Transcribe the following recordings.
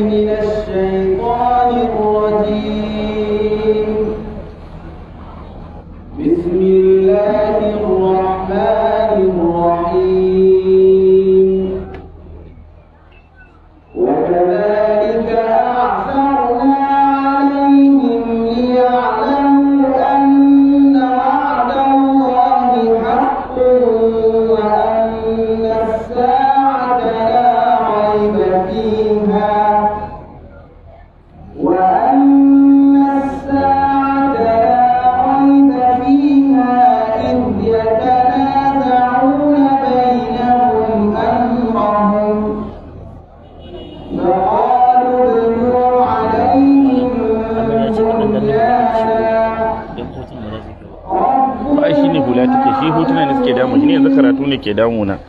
من الشيطان de una.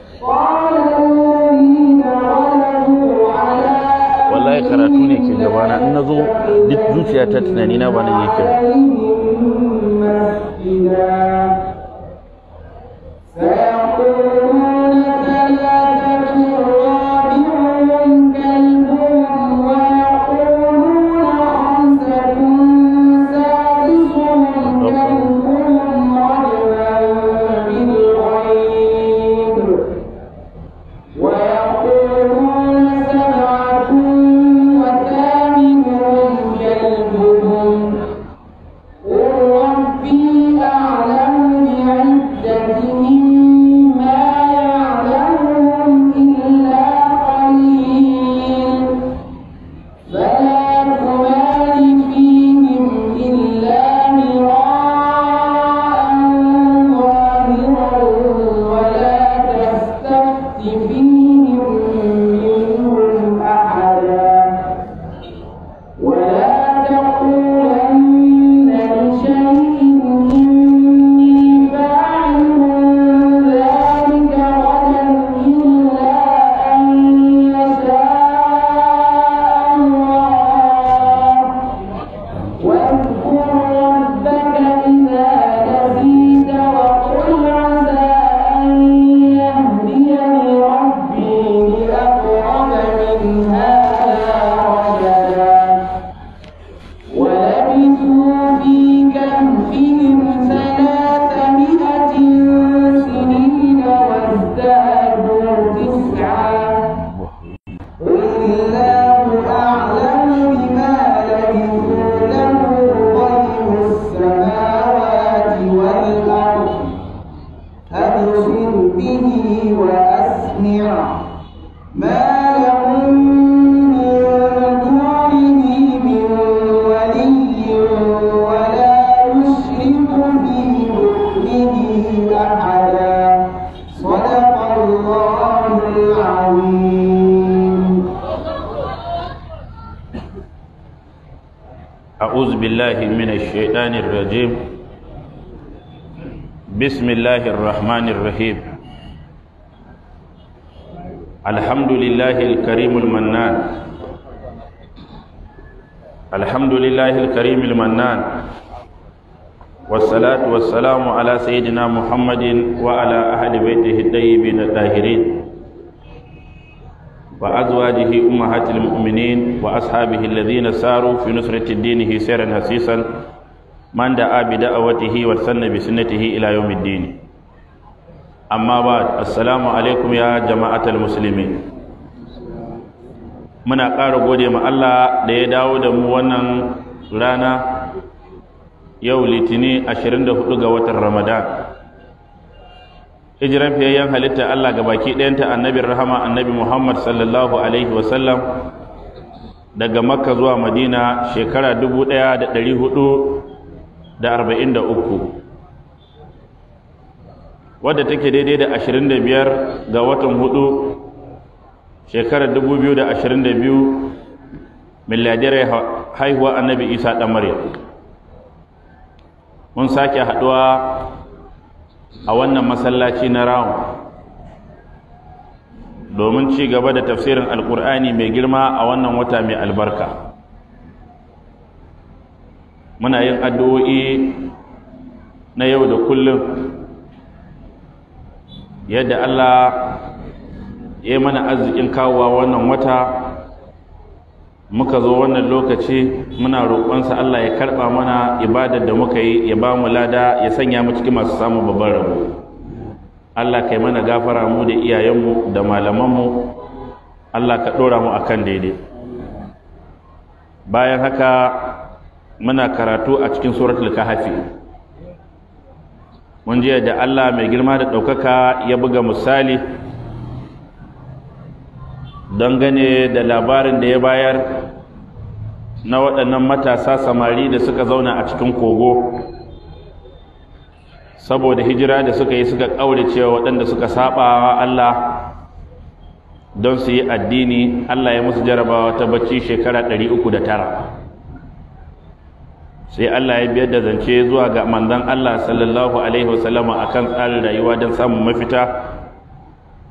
من الشيطان الرجيم بسم الله الرحمن الرحيم الحمد لله الكريم المنان الحمد لله الكريم المنان والصلاة والسلام على سيدنا محمد وعلى أهل بيته الطيبين الطاهرين وأزواجه أمهات المؤمنين وأصحابه الذين ساروا في نصرة دينه سيرا حسيسا من دعا بدعوته واستنى بسنته إلى يوم الدين أما بعد السلام عليكم يا جماعة المسلمين muna ƙara gode ma Allah da ya dawo da mu wannan rana yau litini 24 ga watan Ramadan hijiran fiyayyen halitta Allah ga baki ɗayanta annabin rahama annabi Muhammad sallallahu alaihi wasallam daga makka zuwa madina shekara 1443 wadda take daidai da 25 ga watan hudu shekara 2022 milladiyar haihuwa annabi isa ɗan maryam mun sake haɗuwa a wannan masallaci na rawun domin ci gaba da tafsirin alkur'ani mai girma a wannan wata mai albarka muna yin addu'o'i na yau da kullum yadda Allah ya mana arzikin kawowa wannan wata muka zo wannan lokaci muna roƙonsa Allah ya karɓa mana ibadar da muka yi ya ba mu lada ya sanya mu cikin masu samun babban rabo Allah kai mana gafara mu da iyayenmu da malamanmu Allah ka ɗora mu a kan daidai bayan haka muna karatu a cikin suratul kahafi mun jiya da Allah mai girma da ɗaukaka ya buga misali Don gane da labarin da ya bayar na waɗannan matasa samari da suka zauna a cikin kogo saboda hijira da suka yi suka cewa waɗanda suka saba Allah don su yi addini Allah ya musu jarabawa ta bacci shekara tara. sai Allah ya biyar da zance zuwa ga manzan Allah sallallahu alaihi wasallama akan tsarin rayuwa don samun mafita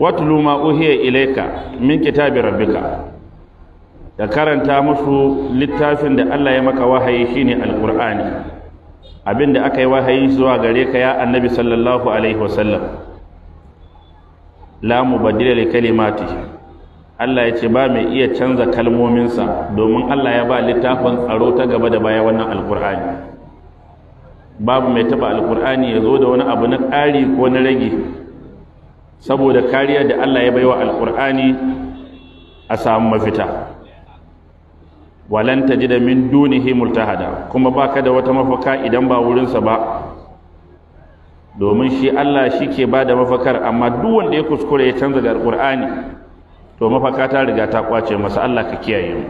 watulu ma uhiya ilaika min kitabi rabbika da karanta musu littafin da Allah ya maka wahayi shine alqur'ani abinda aka yi wahayi zuwa gare ka ya annabi sallallahu alaihi wasallam la mubaddila li kalimati Allah ya ce ba mai iya canza kalmominsa domin Allah ya ba littafin tsaro ta gaba da baya wannan alkur'ani babu mai taba alkur'ani ya zo da wani abu na ƙari ko na rage saboda kariya da Allah ya baiwa alkur'ani a samu mafita ji da min dunihi multahada kuma ba ka da wata mafaka idan ba wurinsa ba domin shi Allah shi ke ba da mafakar amma duk wanda ya kuskure ya canza da alkur'ani to mafaka ta riga ta kwace masa Allah ka kiyaye mu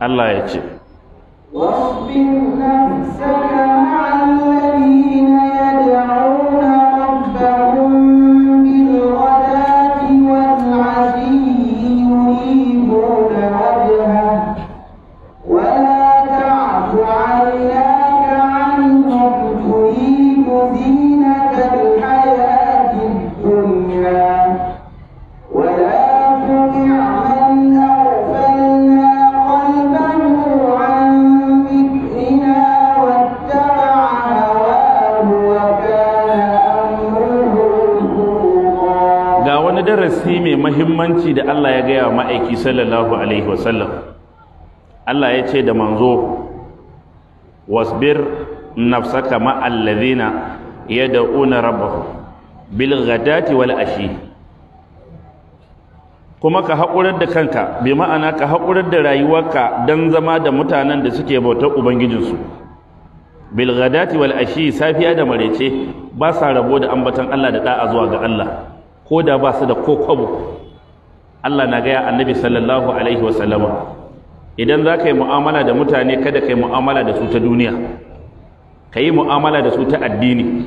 Allah ya ce واصبر نفسك مع الذين mahimmanci da Allah ya gaya ma'aiki sallallahu alaihi wasallam Allah ya ce da manzo wasbir nafsaka ma'allazina yad'una rabbahum bil dati wal ashi kuma ka haƙurar da kanka bi ma'ana ka haƙurar da rayuwarka don zama da mutanen da suke bautar ubangijinsu bil dati wal ashi safiya da marece ba sa rabo da ambatan Allah da ɗa'a zuwa ga Allah ko da ba su da ko kwabo Allah na gaya annabi sallallahu alaihi wasallama idan za ka yi mu'amala da mutane kada ka yi mu'amala da su ta duniya ka yi mu'amala da su ta addini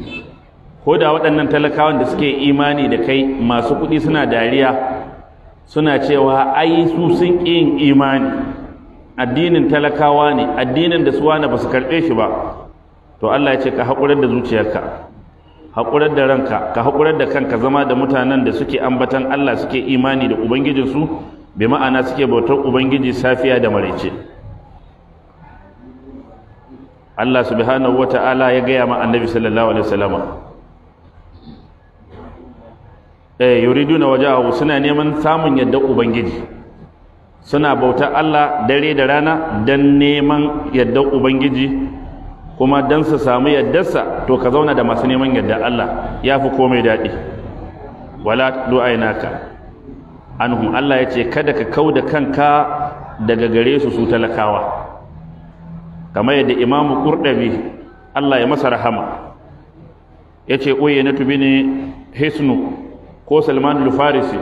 ko da waɗannan talakawan da suke imani da kai masu kuɗi suna dariya suna cewa ai su sun ƙi imani addinin talakawa ne addinin da su na ba su karɓe shi ba to Allah ya ce ka haƙurar da zuciyarka haƙurar da ranka ka haƙurar da kanka zama da mutanen da suke ambatan Allah suke imani da ubangijinsu bi ma'ana suke bautar ubangiji safiya da maraice Allah subhanahu wata'ala ya gaya ma annabi sallallahu alaihi wasallam eh yuriduna wajahu suna neman samun yadda ubangiji suna bautar Allah dare da rana dan neman yadda ubangiji kuma don su samu yaddarsa to ka zauna da masu neman yadda Allah ya fi komai daɗi wala du'ainaka anhum Allah ya ce kada ka kauda kanka daga gare su su talakawa kamar yadda imamu kurdabi Allah ya masa rahama ya ce oye na tubi ne hisnu ko salman lufarisi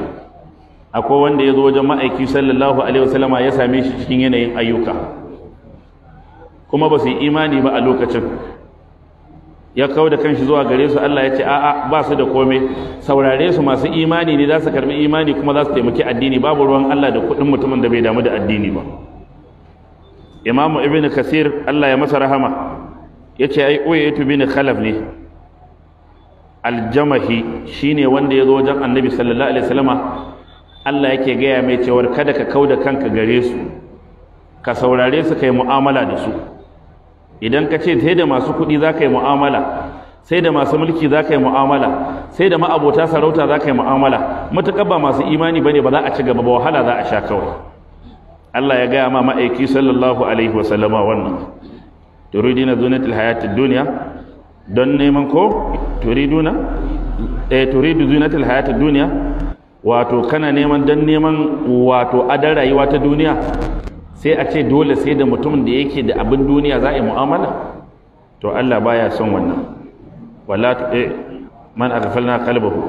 akwai wanda ya zo wajen ma'aiki sallallahu alaihi wasallama ya same shi cikin yanayin ayyuka kuma ba su yi imani ba a lokacin ya kawo da kanshi zuwa gare su Allah ya ce a'a ba su da komai saurare su masu imani ne za su karbi imani kuma za su taimaki addini babu ruwan Allah da kuɗin mutumin da bai damu da addini ba imamu ibn kasir Allah ya masa rahama ya ce ai uyaitu bin khalaf ne aljamahi shine wanda ya zo wajen annabi sallallahu alaihi wasallama Allah yake gaya mai cewar kada ka kauda kanka gare su ka saurare su ka yi mu'amala da su idan ka ce sai da masu kuɗi za ka yi mu'amala sai da masu mulki za ka yi mu'amala sai da ma'abota sarauta za ka yi mu'amala matuƙar ba masu imani ba ne ba za a ci gaba ba wahala za a sha kawai Allah ya gaya ma ma'aiki sallallahu alaihi wasallama wannan turidina zunatul hayatid dunya don neman ko turiduna eh turidu zunatul hayatid dunya wato kana neman don neman wato adan rayuwa ta duniya sai a ce dole sai da mutumin da yake da abin duniya za a yi mu'amala to Allah baya son wannan wala ta'e eh, man na kalbahu.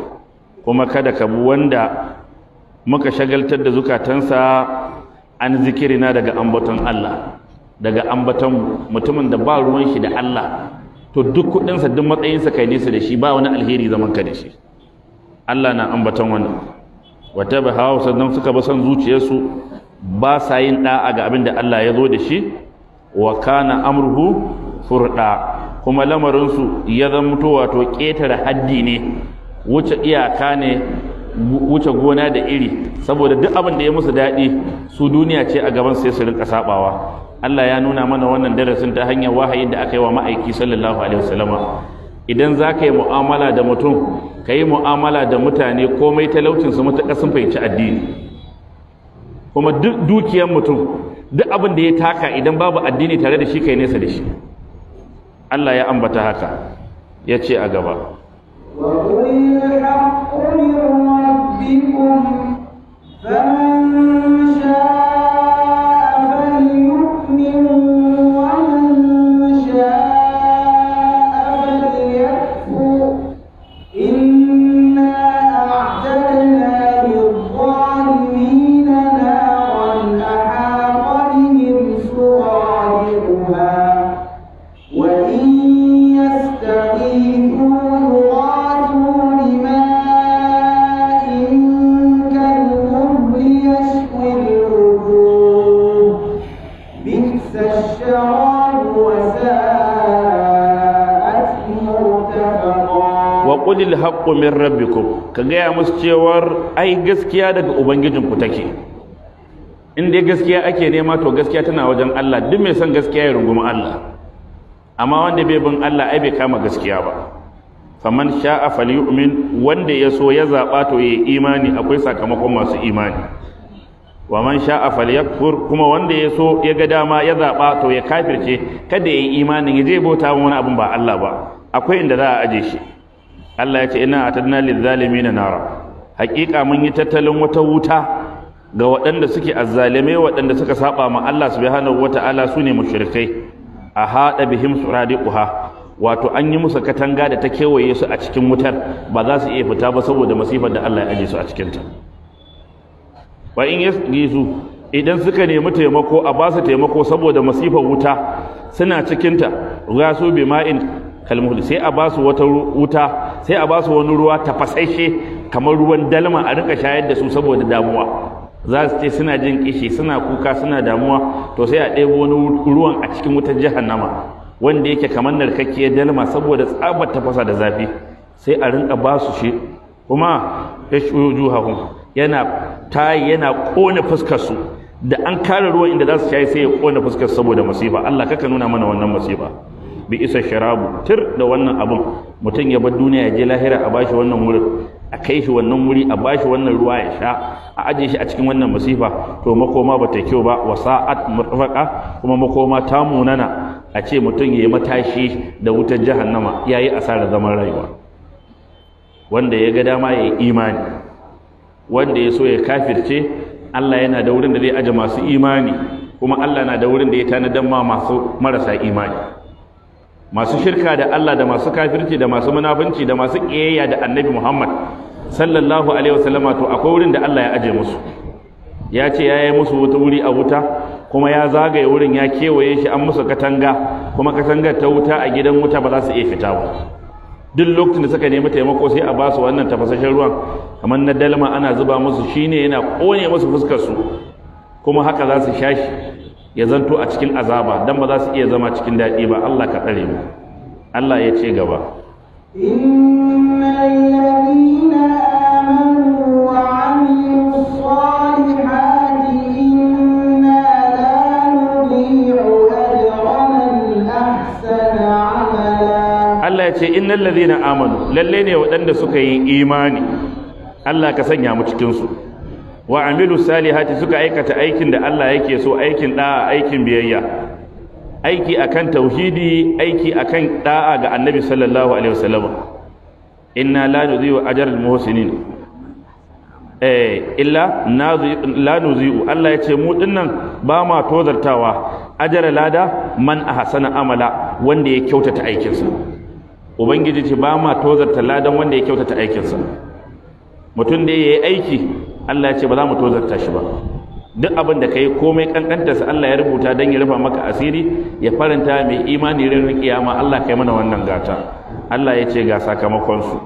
kuma kada ka bu wanda muka shagaltar da zukatansa an zikirina daga ambaton Allah daga ambaton mutumin da ba ruwan shi da Allah to duk kudinsa duk matsayinsa kai nesa da shi ba wani alheri zaman ka da shi Allah na ambaton wannan wata ba hawa sannan suka ba san zuciyarsu ba sa yin da'a ga abin da Allah ya zo da shi wa kana amruhu furda kuma lamarinsu ya zamto wato ƙetare haddi ne wuce iyaka ne wuce gona da iri saboda duk abin da ya musu daɗi su duniya ce a gaban sai su rinka sabawa Allah ya nuna mana wannan darasin ta hanyar wahayin da aka yi wa ma'aiki sallallahu alaihi wasallama idan za ka yi mu'amala da mutum ka yi mu'amala da mutane komai talaucinsu matuƙa sun fahimci addini kuma duk dukiyar mutum duk abin da ya taka idan babu addini tare da shi kai nesa da shi Allah ya ambata haka ya ce a gaba wa qulil haqqu min rabbikum ka gaya musu cewar ai gaskiya daga ubangijinku take in dai gaskiya ake nema to gaskiya tana wajen Allah duk mai son gaskiya ya rungumi Allah amma wanda bai bin Allah ai bai kama gaskiya ba faman sha'a falyu'min wanda ya so ya zaba to yayi imani akwai sakamakon masu imani wa man sha'a falyakfur kuma wanda ya so ya ga dama ya zaba to ya kafirce kada yayi imani ya je bauta wani abin ba Allah ba akwai inda za a aje shi Allah ya ce ina atadna lizzalimina nara hakika mun yi tattalin wata wuta ga waɗanda suke azzalime waɗanda suka saba ma Allah subhanahu wata'ala su ne mushrikai a haɗa bihim suradiquha wato an yi musu katanga da ta kewaye su a cikin wutar ba za su iya fita ba saboda masifar da Allah ya aje su a cikin ta wa in yasgizu idan suka nemi taimako a ba su taimako saboda masifar wuta suna cikin ta gasu bima'in kalmuhli sai a ba su wata wuta sai a ba su wani ruwa tafasashe kamar ruwan dalma a rika shayar da su saboda damuwa za su ce suna jin kishi suna kuka suna damuwa to sai a ɗebo wani ruwan a cikin wutar jahannama wanda yake kamar narkakkiyar dalma saboda tsabar tafasa da zafi sai a rinka ba su shi kuma yashujuhahum yana tayi yana kona fuskar su da an kare ruwan inda za su shayi sai ya kona fuskar saboda masifa Allah kaka nuna mana wannan masifa bi isa sharabu tir da wannan abun mutum ya bar duniya ya je lahira a bashi wannan wurin a kai shi wannan wuri a bashi wannan ruwa ya sha a aje shi a cikin wannan masifa to makoma ba ta kyau ba wa sa'at murfaqa kuma makoma ta munana a ce mutum ya yi matashi da wutar jahannama yayi asarar zaman rayuwa wanda ya ga dama ya yi imani wanda ya so ya kafirce Allah yana da wurin da zai aje masu imani kuma Allah na da wurin da ya tanadan ma masu marasa imani masu shirka da Allah da masu kafirci da masu munafunci da masu ƙiyayya da annabi Muhammad sallallahu alaihi wasallama to akwai wurin da Allah ya aje musu ya ce ya yi musu wata wuri a wuta kuma ya zagaye wurin ya kewaye shi an musu katanga kuma katanga ta wuta a gidan wuta ba za su iya fita ba duk lokacin da suka nemi taimako sai a ba su wannan tafasashen ruwan kamar na dalma ana zuba musu shine yana ƙone musu fuskar su kuma haka za su sha shi ya zanto a cikin azaba dan ba za su iya zama cikin dadi ba Allah ka tsare mu Allah ya ce gaba innal ladina amanu Allah ya ce innal ladina amanu lalle ne waɗanda suka yi imani Allah ka sanya mu cikin su wa amilu salihati suka aikata aikin da Allah yake so aikin da'a aikin biyayya aiki akan tauhidi aiki akan da'a ga annabi sallallahu alaihi wasallam inna la nuzi'u ajra al muhsinin eh illa la nuzi'u Allah yace mu dinnan ba ma tozartawa ajra lada man ahsana amala wanda ya kyautata aikinsa ubangiji ce ba ma tozarta ladan wanda ya kyautata aikinsa mutum da ya yi aiki Allah ya ce ba za mu tozarta shi ba duk abin da yi komai kankanta sa Allah ya rubuta dan ya rufa maka asiri ya faranta mai imani ran kiyama Allah kai mana wannan gata Allah ya ce ga sakamakon su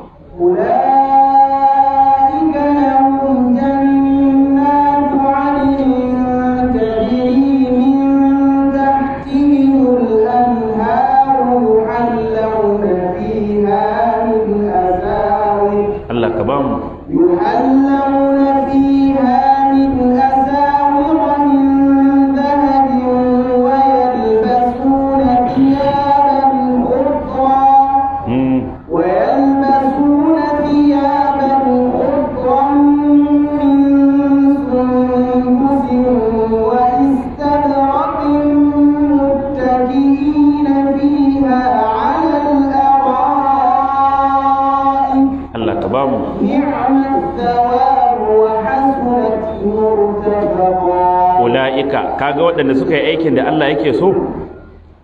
mala’ika kaga waɗanda suka yi aikin da Allah yake so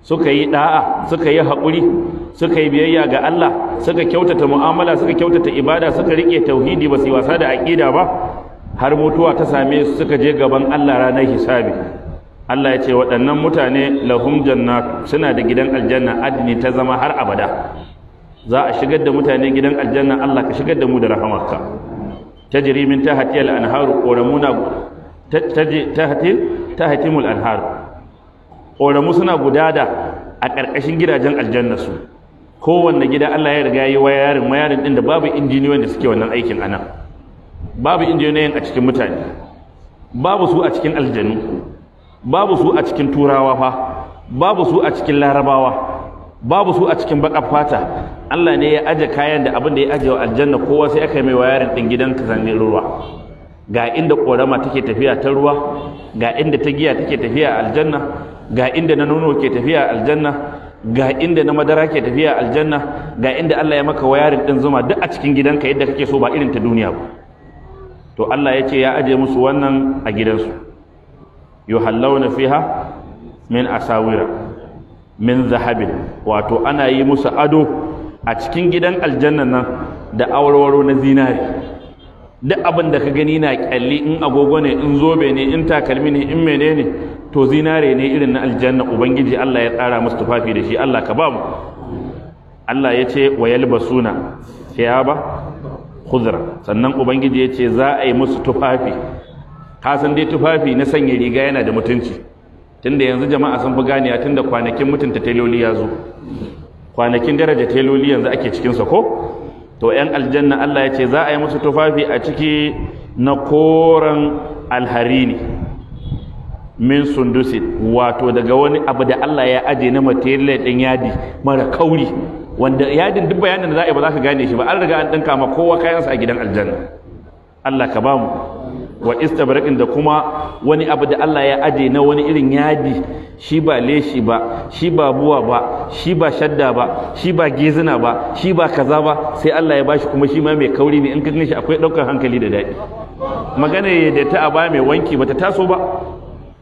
suka yi da'a suka yi haƙuri suka yi biyayya ga Allah suka kyautata mu'amala suka kyautata ibada suka riƙe tauhidi ba su yi wasa da aƙida ba har mutuwa ta same su suka je gaban Allah ranar hisabi Allah ya ce waɗannan mutane lahum jannat suna da gidan aljanna adni ta zama har abada za a shigar da mutane gidan aljanna Allah ka shigar da mu da rahamarka tajri min tahtiha al-anharu koramuna ta hatimul anhar ƙoramu suna da a ƙarƙashin gidajen aljanna su kowanne gida Allah ya riga yi yarin mayarin ɗin da babu injiniyoyin da suke wannan aikin anan babu injiniyoyin a cikin mutane babu su a cikin aljanu babu su a cikin turawa fa babu su a cikin larabawa babu su a cikin baƙar fata Allah ne ya aje kayan da abin da ya aje wa aljanna kowa sai aka yi mai wayarin ɗin gidan kasanin ruwa ga inda ƙorama take tafiya ta ruwa ga inda ta giya take tafiya aljanna ga inda na nono ke tafiya aljanna ga inda na madara ke tafiya aljanna ga inda Allah ya maka wayarin din zuma duk a cikin gidanka yadda kake so ba irin ta duniya ba to Allah ya ce ya aje musu wannan a gidansu yuhallawna fiha min asawira min zahabin wato ana yi musu ado a cikin gidan aljanna nan da awarwaro na zinari duk abin da ka gani na kyalli in agogo ne in zobe ne in takalmi ne in mene ne. to zinare ne irin na aljanna ubangiji Allah ya tsara musu tufafi da shi Allah ka ba mu Allah ya ce wa yalbasuna thiyaba khudra sannan ubangiji ya ce za a yi musu tufafi ka san dai tufafi na sanya riga yana da mutunci tunda yanzu jama'a sun fi ganiya tunda kwanakin mutunta teloli ya zo kwanakin daraja teloli yanzu ake cikin sa ko to yan aljanna Allah ya ce za a yi musu tufafi a ciki na koren alharini min sundusin wato daga wani abu da Allah ya aje na material ɗin yadi mara kauri wanda yadin duk bayanin da za a yi ba za ka gane shi ba an riga an ɗinka ma kowa kayansa a gidan aljanna Allah ka bamu wa istabrakin da kuma wani abu da Allah ya aje na wani irin yadi shi ba leshi ba shi ba buwa ba shi ba shadda ba shi ba gezina ba shi ba kaza ba sai Allah ya bashi kuma shi ma mai kauri ne in ka shi akwai daukar hankali da daɗi magana ya da ta aba mai wanki bata taso ba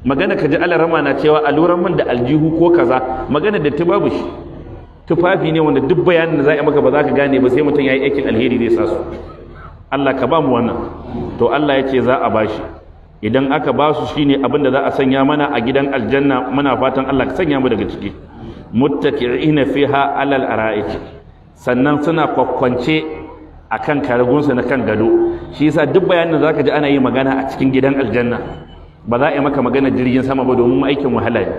magana ka ji alarama na cewa aluran man da aljihu ko kaza magana da ta babu shi tufafi ne wanda duk bayanin da za a yi maka ba za ka gane ba sai mutum ya yi aikin alheri zai sa su Allah ka ba mu wannan to Allah ya ce za a bashi idan aka ba su shine abin da za a sanya mana a gidan aljanna muna fatan Allah ka sanya mu daga ciki muttaqi'ina fiha alal ara'ik sannan suna kwakwance akan karagunsu na kan gado shi yasa duk bayanin da zaka ji ana yi magana a cikin gidan aljanna ba za a yi maka magana jirgin sama ba domin aikin wahala ne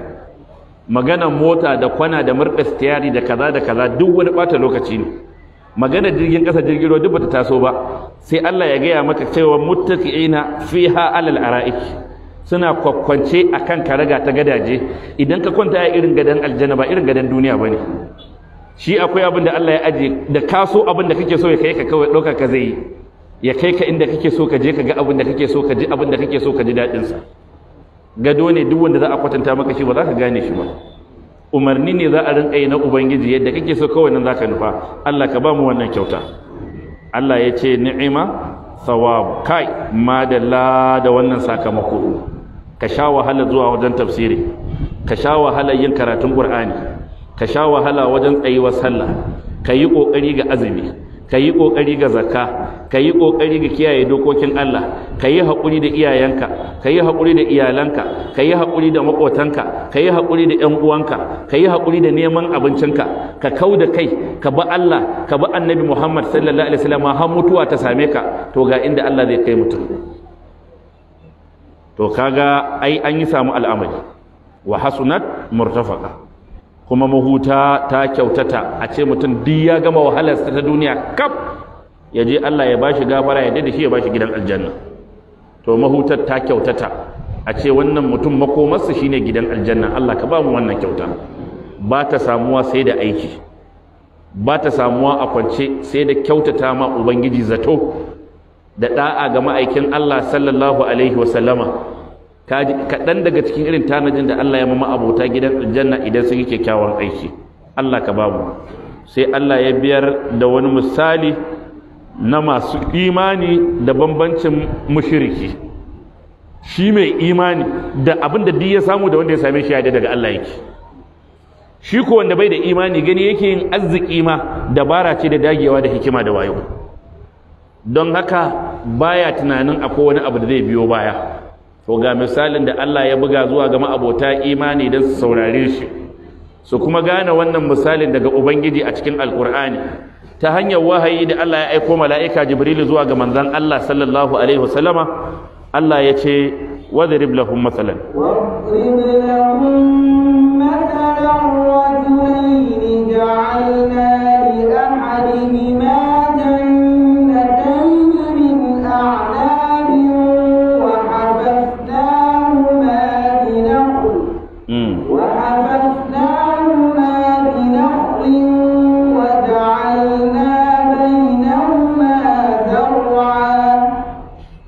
maganan mota da kwana da murɗa stiyari da kaza da kaza duk wani ɓata lokaci ne magana jirgin ƙasa jirgin ruwa duk bata taso ba sai Allah ya gaya maka cewa muttaqi'ina fiha alal ara'ik suna kwakwance akan karaga ta gadaje idan ka kwanta a irin gadan aljanna ba irin gadan duniya bane shi akwai abin da Allah ya aje da kaso abin da kake so ya kai ka kawai ɗauka ka zai ya kai ka inda kake so ka je ka ga abin da kake so ka ji abin da kake so ka ji daɗinsa gado ne duk wanda za a kwatanta maka shi ba za ka gane shi ba umarni ne za a rinka yi na ubangiji yadda kake so kawai nan zaka nufa Allah ka ba mu wannan kyauta Allah ya ce ni'ima sawab kai madalla da wannan sakamako ka sha wahala zuwa wajen tafsiri ka sha wahala yin karatun qur'ani ka sha wahala wajen tsayuwar sallah ka yi kokari ga azumi ka yi ƙoƙari ga zakka ka yi ƙoƙari ga kiyaye dokokin Allah ka yi haƙuri da iyayenka ka yi haƙuri da iyalanka ka yi haƙuri da maƙotanka ka yi haƙuri da 'yan uwanka ka yi haƙuri da neman abincinka ka kau da kai ka ba Allah ka bi annabi Muhammad sallallahu alaihi wasallam har mutuwa ta same ka to ga inda Allah zai kai mutum to kaga ai an yi samu al'amari wa hasunat murtafaqa kuma mahuta ta kyautata a ce mutum duk ya gama wahalarsa ta duniya kaf ya je Allah ya bashi gafara ya da shi ya bashi gidan aljanna to mahutar ta kyautata a ce wannan mutum makomarsa shine gidan aljanna Allah ka ba mu wannan kyauta ba ta samuwa sai da aiki ba ta samuwa a kwance sai da kyautata ma ubangiji zato da da'a ga ma'aikin Allah sallallahu alaihi wa kaɗan daga cikin irin tanajin da Allah ya mama abota gidan aljanna idan sun yi kyakkyawan aiki Allah ka babu sai Allah ya biyar da wani misali na masu imani da bambancin mushiriki shi mai imani da abin da duk ya samu da wanda ya same shi ya daga Allah yake shi ko wanda bai da imani gani yake yin arziki ma dabara ce da dagewa da hikima da wayo don haka baya tunanin akwai wani abu da zai biyo baya to ga misalin da Allah ya buga zuwa ga ma'abota imani don su saurare shi su kuma gane wannan misalin daga ubangiji a cikin alkur'ani ta hanyar wahayi da Allah ya aiko mala'ika jibrilu zuwa ga manzon Allah sallallahu alaihi wasallama Allah ya ce wadrib lahum masalan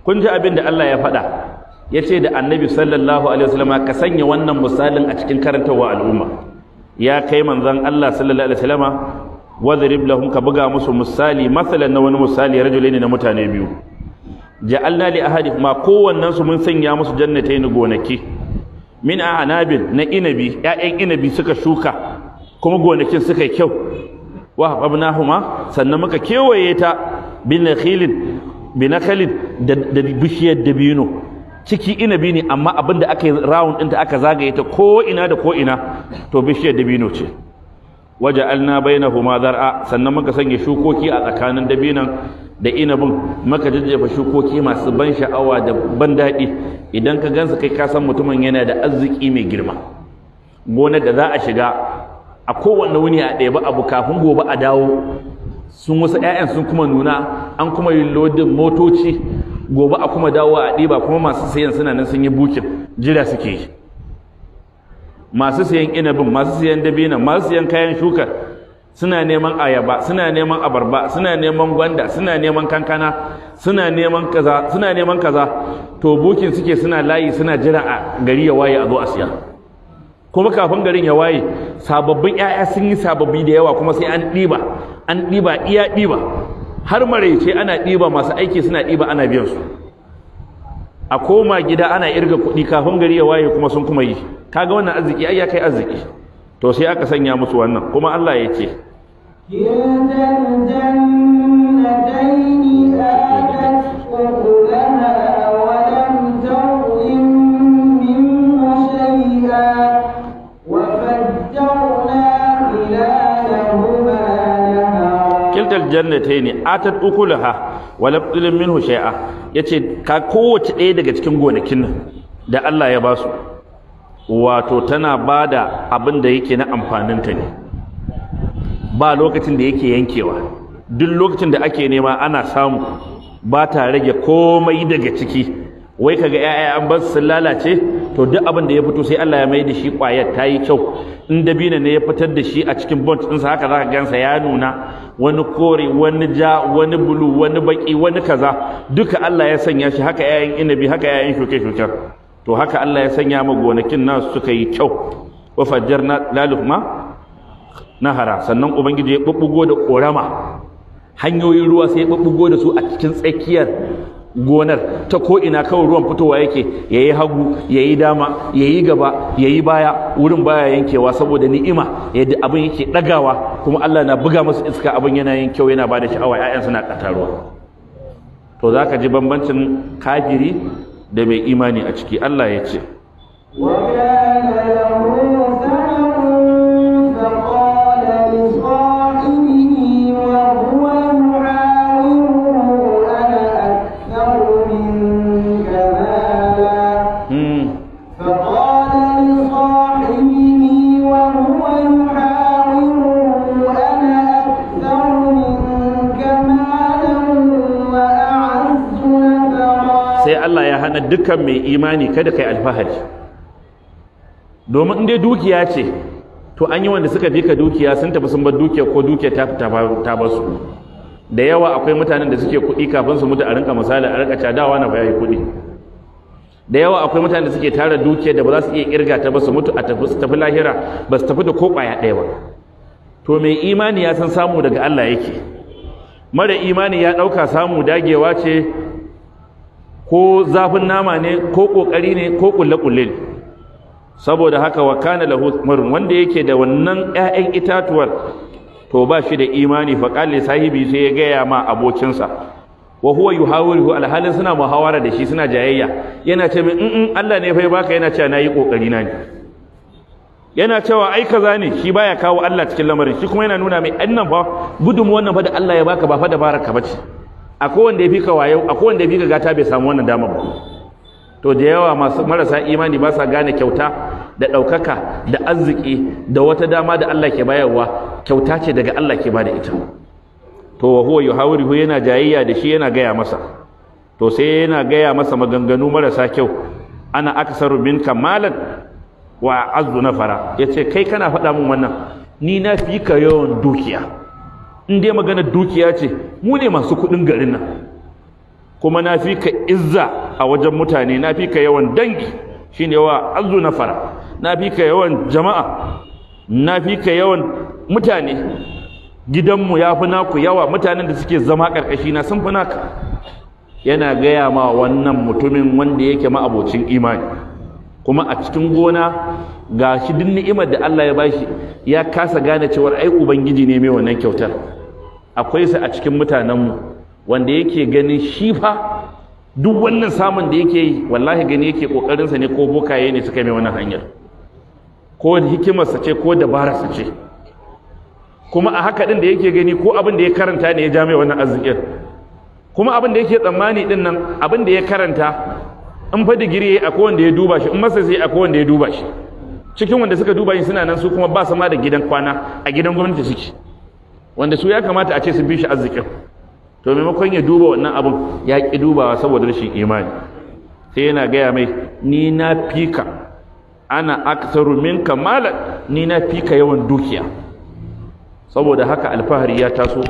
kun ji abin da Allah ya faɗa ya ce da annabi sallallahu alaihi wasallama ka sanya wannan misalin a cikin karantarwa al'umma ya kai manzon Allah sallallahu alaihi wasallama wadrib lahum ka buga musu misali masalan na wani misali rajulaini na mutane biyu ja'alna li ahadi ma kowannen su mun sanya musu jannatayn gonaki min a'nabin na inabi ya'yan inabi suka shuka kuma gonakin suka yi kyau wa hafabnahuma sannan muka kewaye ta bin nakhilin binakalin da bishiyar dabino ciki inabi ne amma abinda aka yi rawun ɗinta aka zagaye ta ko ina da ko ina to bishiyar dabino ce waje alna baina huma zar'a sannan muka sanya shukoki a tsakanin dabinan da inabin maka jajjefa shukoki masu ban sha'awa da ban daɗi idan ka gansa kai ka san mutumin yana da arziki mai girma gonar da za a shiga a kowanne wuni a ba abu kafin gobe a dawo sun wasu 'ya'yan sun kuma nuna an kuma yi lodin motoci gobe a kuma dawo a ɗiba kuma masu sayan suna nan sun yi bukin jira suke yi masu sayan inabin masu sayan dabinan masu sayan kayan shukar suna neman ayaba suna neman abarba suna neman gwanda suna neman kankana suna neman kaza suna neman kaza to bukin suke suna layi suna jira a gari ya waye a zo a siya kuma kafin garin ya waye sababbin 'ya'ya sun yi sababbi da yawa kuma sai an ɗiba an ɗiba iya ɗiba har maraice ana ɗiba masu aiki suna ɗiba ana biyan su a koma gida ana irga kuɗi kafin gari ya waye kuma sun kuma yi kaga wannan arziki ai kai arziki to sai aka sanya musu wannan kuma Allah ya ce wa zatil jannataini atat ukulaha wa lam tulim minhu shay'a yace ka kowace ɗaya daga cikin gonakin nan da Allah ya basu wato tana bada abin da yake na amfanin ta ne ba lokacin da yake yankewa duk lokacin da ake nema ana samu ba ta rage komai daga ciki wai ka ga 'ya'ya an bar sun lalace to duk abin da ya fito sai Allah ya mai da shi kwayar ta yi kyau in dabina ne ya fitar da shi a cikin din sa haka za ka gansa ya nuna wani kore wani ja wani bulu wani baki, wani kaza duka Allah ya sanya shi haka 'ya'yan inabi haka 'ya'yan shuke-shuken to haka Allah ya sanya ma gonakin nasu suka yi kyau wa fajjarna lalukma nahara sannan ubangiji ya bubbugo da korama hanyoyin ruwa sai ya bubbugo da su a cikin tsakiyar gonar ta ko ina kawai ruwan fitowa yake yi hagu ya yi dama ya yi gaba ya yi baya wurin baya yankewa saboda ni'ima yadda abin yake ɗagawa kuma Allah na buga masu iska abin yana yin kyau yana bada sha'awa ƴaƴan suna taruwa. to za ka ji bambancin kafiri da mai imani a ciki Allah ya ce wa dukkan mai imani kada kai alfahari domin in dai dukiya ce to an yi wanda suka fika dukiya sun tafi sun bar dukiya ko dukiya ta ta ba su da yawa akwai mutanen da suke kuɗi kafin su mutu a rinka misali a rinka cadawa na bayan kuɗi da yawa akwai mutanen da suke tara dukiya da ba za su iya kirga ta ba su mutu a tafi su tafi lahira ba su tafi da ko ƙwaya ɗaya ba to mai imani ya san samu daga Allah yake mara imani ya ɗauka samu dagewa ce ko zafin nama ne ko kokari ne ko kulle-kulle saboda haka wa kana lahu marun wanda yake da wannan ƴaƴan itatuwar to ba shi da imani fa qali sahibi sai ya gaya ma abokinsa wa huwa al alhalin suna muhawara da shi suna jayayya yana ce min in mm, mm, Allah ne fa ya baka yana cewa nayi kokari na ne yana cewa ai kaza ne shi baya kawo Allah cikin lamarin shi kuma yana nuna mai annan fa gudun wannan fa da Allah ya baka ba fa da baraka bace akwai wanda ya fi ka wayo akwai wanda ya ka gata bai samu wannan dama ba to da yawa masu marasa imani ba sa gane kyauta da ɗaukaka da arziki da wata dama da Allah ke bayarwa kyauta ce daga Allah ke bada ita to wa huwa yuhawiru yana jayayya da shi yana gaya masa to sai yana gaya masa maganganu marasa kyau ana aksaru min kamalan wa azzu nafara yace kai kana faɗa min wannan ni na fi ka yawan dukiya in dai magana dukiya ce mu ne masu kuɗin garin nan kuma na fi ka izza a wajen mutane na fi ka yawan dangi shine wa, azu na fara na fi ka yawan jama'a na fi ka yawan mutane gidanmu ya fi naku yawa mutanen da suke zama ƙarƙashi na sun fi naka yana gaya ma wannan mutumin wanda yake ma abocin imani kuma a cikin gona ga shi duk ni'imar da Allah ya bashi ya kasa gane cewar ai ubangiji ne mai wannan kyautar akwai sa a cikin mutanenmu wanda yake ganin shi fa duk wannan samun da yake yi wallahi gani yake kokarin sa ne ko bokaye ne suka mai wannan hanyar ko hikimarsa ce ko dabararsa ce kuma a haka din da yake gani ko abin da ya karanta ne ya ja mai wannan arzikin kuma abin da yake tsammani din nan abin da ya karanta in fa digiri a wanda ya duba shi in masa sai a wanda ya duba shi cikin wanda suka duba yin suna nan su kuma ba su ma da gidan kwana a gidan gwamnati suke wanda su ya kamata a ce su bi shi arzikin to maimakon ya duba wannan abun ya ki dubawa saboda rashin imani sai yana gaya mai ni na fika ana aksaru min kamala ni na fika yawan dukiya saboda haka alfahari ya taso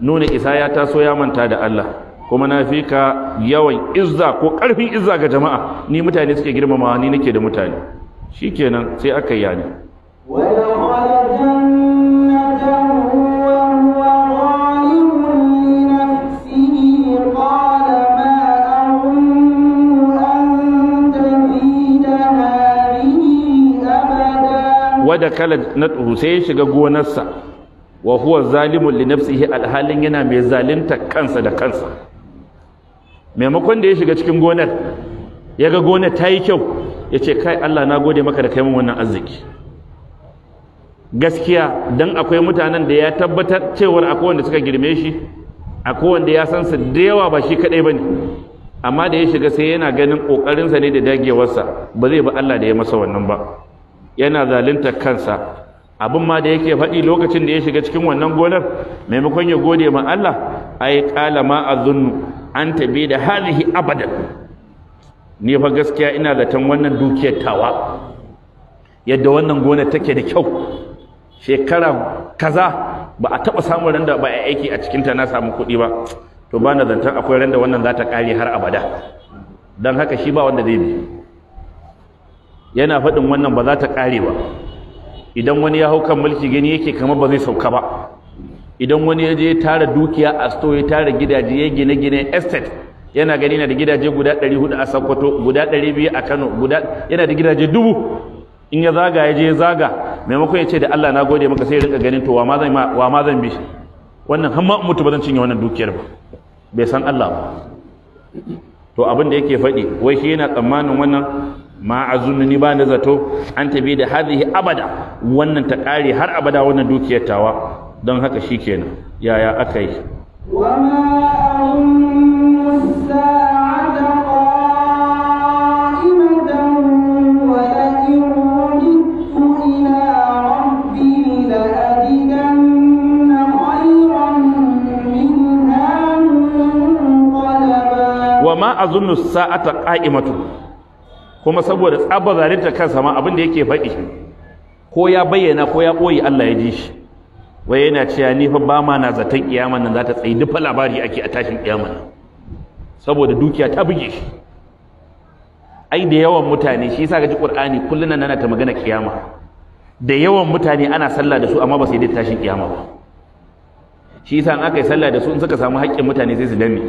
nuna isa ya taso ya manta da Allah kuma na fi ka yawan izza ko ƙarfin izza ga jama'a ni mutane suke girmama ni nake da mutane Shi kenan sai aka yi yani wada kala na tsohusai ya shiga gonarsa wa huwa zalimun linafsihi alhalin yana mai zalunta kansa da kansa maimakon da ya shiga cikin gonar ya ga gonar ta yi kyau ya ce kai Allah na gode maka da kai wannan arziki gaskiya don akwai mutanen da ya tabbatar cewar a wanda suka girme shi a wanda ya san su da yawa ba shi kaɗai ba ne amma da ya shiga sai yana ganin ƙoƙarinsa ne da dagewarsa ba zai ba Allah da ya masa wannan ba yana zalunta kansa abin ma da yake faɗi lokacin da ya shiga cikin wannan gonar maimakon ya gode ma Allah ai ƙala ma azunnu an tabi da halihi abadan ni fa gaskiya ina zaton wannan dukiyar tawa yadda wannan gona take da kyau shekara kaza ba a taɓa samun randa ba a aiki a cikinta na samu kuɗi ba to ba na zantar akwai randa wannan za ta ƙare har abada don haka shi ba wanda zai bi yana faɗin wannan ba za ta ƙare ba idan wani ya hau kan mulki gani yake kamar ba zai sauka ba idan wani ya je tara dukiya a sto ya tara gidaje ya gine gine estate yana gani yana da gidaje guda 400 a Sokoto guda 200 a Kano guda yana da gidaje dubu in ya zaga ya je ya zaga maimakon ya ce da Allah na gode maka sai rinka ganin to wa ma zan wa ma zan bi wannan har ma mutu ba zan cinye wannan dukiyar ba bai san Allah ba to abin da yake faɗi wai shi yana tsammanin wannan ma azunni ba na zato an tabi da hadhihi abada wannan ta kare har abada wannan dukiyar tawa don haka shi kenan yaya aka yi a azunnu sa'ata qa'imatu kuma saboda tsaba zarinta kan sama abin da yake faɗi ko ya bayyana ko ya ɓoye Allah ya ji shi wai yana cewa ni fa ba ma na zaton kiyaman nan za ta tsaye duk labari ake a tashin kiyaman nan saboda dukiya ta buge shi ai da yawan mutane shi yasa gaji qur'ani kullun nan ana ta magana kiyama da yawan mutane ana sallah da su amma ba su yi da tashin kiyama ba shi yasa in aka yi sallah da su in suka samu haƙƙin mutane sai su dame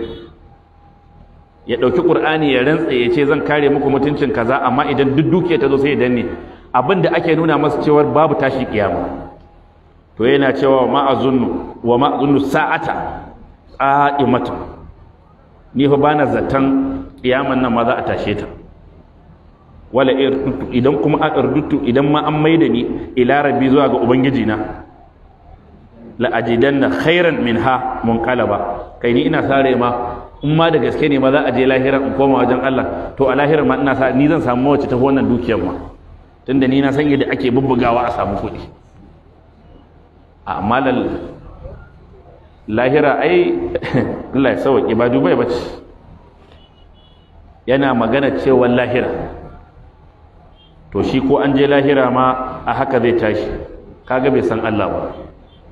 ya ɗauki ƙur'ani ya rantsa ya ce zan kare muku mutuncin kaza amma idan duk dukiya ta zo sai ya danne abin da ake nuna masa cewar babu tashi kiyama to yana cewa azunnu wa azunnu sa'ata qa'imatu ni fa bana zatan kiyaman nan ma za a tashe ta wala idan kuma a irdutu idan ma an maida ni ila rabbi zuwa ga ubangiji na la ajidanna khairan minha munqalaba kai ni ina sare ma in ma da gaske ne ma za a je lahira in koma wajen Allah to a lahira ma ina sa ni zan samu wacce ta wannan dukiyar ma tunda ni na san yadda ake bubbugawa a samu kuɗi a lahira ai Allah ya sauke ba dubai ba ce yana magana cewa lahira to shi ko an je lahira ma a haka zai tashi kaga bai san Allah ba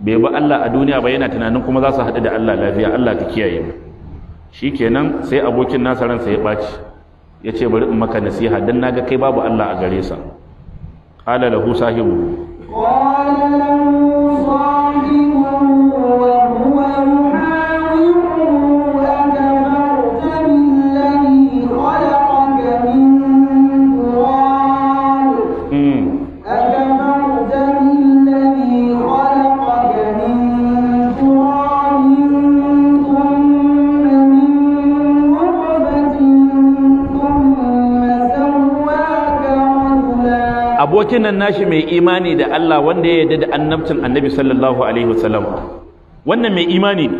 bai ba Allah a duniya ba yana tunanin kuma za su haɗu da Allah lafiya Allah ka kiyaye mu kenan sai abokin nasa ransa ya ɓaci ya ce bari in maka nasiha dan ga kai babu Allah a gare sa qala lahu sahibu qala abokin nan nashi mai imani da Allah wanda ya yarda da annabcin annabi sallallahu alaihi wasallam wannan mai imani ne